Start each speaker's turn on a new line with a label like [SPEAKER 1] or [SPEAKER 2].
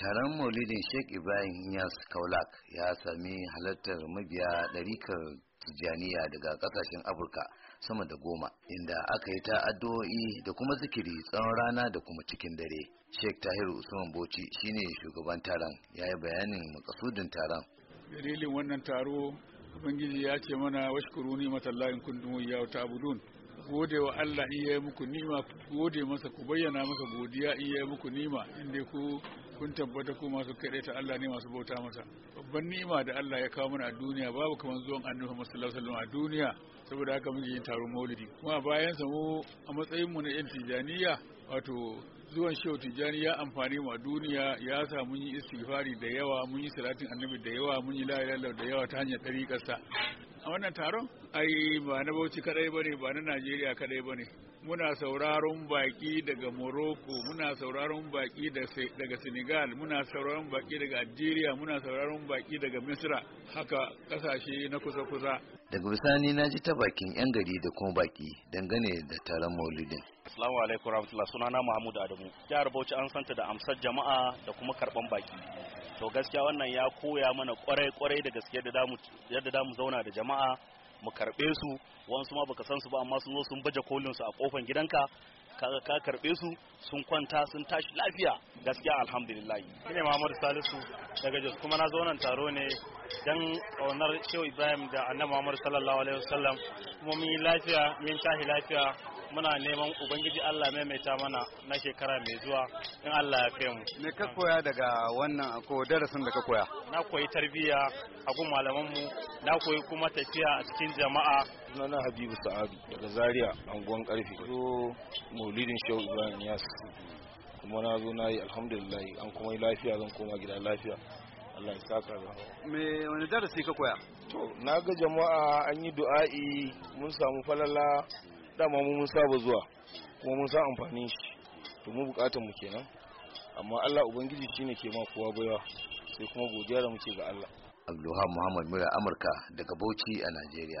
[SPEAKER 1] taron maulidin sheikh ibrahim inyas kaulak ya sami halartar mabiya ɗarikar tijjaniya daga ƙasashen afirka sama da goma inda aka yi ta da kuma zikiri tsawon rana da kuma cikin dare sheikh tahiru usman bauchi shine shugaban taron ya yi bayanin makasudin taron
[SPEAKER 2] dalilin wannan taro ubangiji ya ce mana washkuru ni matallahin kundin ya ta budun gode wa Allah in yayi muku nima gode masa ku bayyana masa godiya in yayi muku nima inda ku kun tabbata ku masu kaɗai ta Allah ne masu bauta masa babban ni'ima da Allah ya kawo mana a duniya babu kamar zuwan annabi Muhammad sallallahu alaihi wasallam a duniya saboda haka muke yin taron maulidi kuma bayan sa mu a matsayin mu na yan tijaniya wato zuwan shehu tijani ya amfani mu a duniya ya sa mun yi istighfari da yawa mun yi salatin annabi da yawa mun yi la ilaha da yawa ta hanyar sa a wannan taron ai ba na bauchi kadai bane ba na najeriya kadai bane muna sauraron baki daga morocco muna sauraron baki daga senegal muna sauraron baki daga algeria muna sauraron baki daga misra haka kasashe na kusa-kusa
[SPEAKER 1] daga bisani na ji ta bakin yan gari da kuma baki dangane da taron maulidin
[SPEAKER 3] Assalamu alaikum rahmatullah sunana Mahmud Adamu. Jihar Bauchi an santa da amsar jama'a da kuma karban baki. to gaskiya wannan ya koya mana kwarai kwarai da gaske yadda damu zauna da jama'a mu karbe su wasu ma baka san su ba amma sun zo sun baje kolin su a kofan gidanka kaga ka karbe su sun kwanta sun tashi lafiya gaskiya alhamdulillah
[SPEAKER 4] ne Muhammad Salisu daga Jos kuma na zo nan taro ne dan kaunar Shehu Ibrahim da Annabi Muhammad sallallahu alaihi wasallam kuma mun yi lafiya mun tashi lafiya muna neman ubangiji Allah maimaita mana na shekara mai zuwa in Allah ya kai mu me ka koya
[SPEAKER 3] daga wannan ko darasin da ka koya
[SPEAKER 4] na koyi tarbiyya a gun malaman mu na koyi kuma tafiya a cikin jama'a
[SPEAKER 5] sunana Habibu Sa'adu daga Zaria anguwan karfi zo maulidin Shehu Ibrahim Yas kuma na zo na yi alhamdulillah an kuma yi lafiya zan koma gida lafiya Allah ya saka da me wani darasi ka koya to na ga jama'a an yi du'a'i mun samu falala dama mu mun saba zuwa kuma mun san amfanin shi to mu bukatun mu kenan amma Allah ubangiji shine ke ma kowa baiwa sai kuma godiya da muke ga Allah
[SPEAKER 1] Abdulhamid Muhammad Mura Amurka daga Bauchi a Najeriya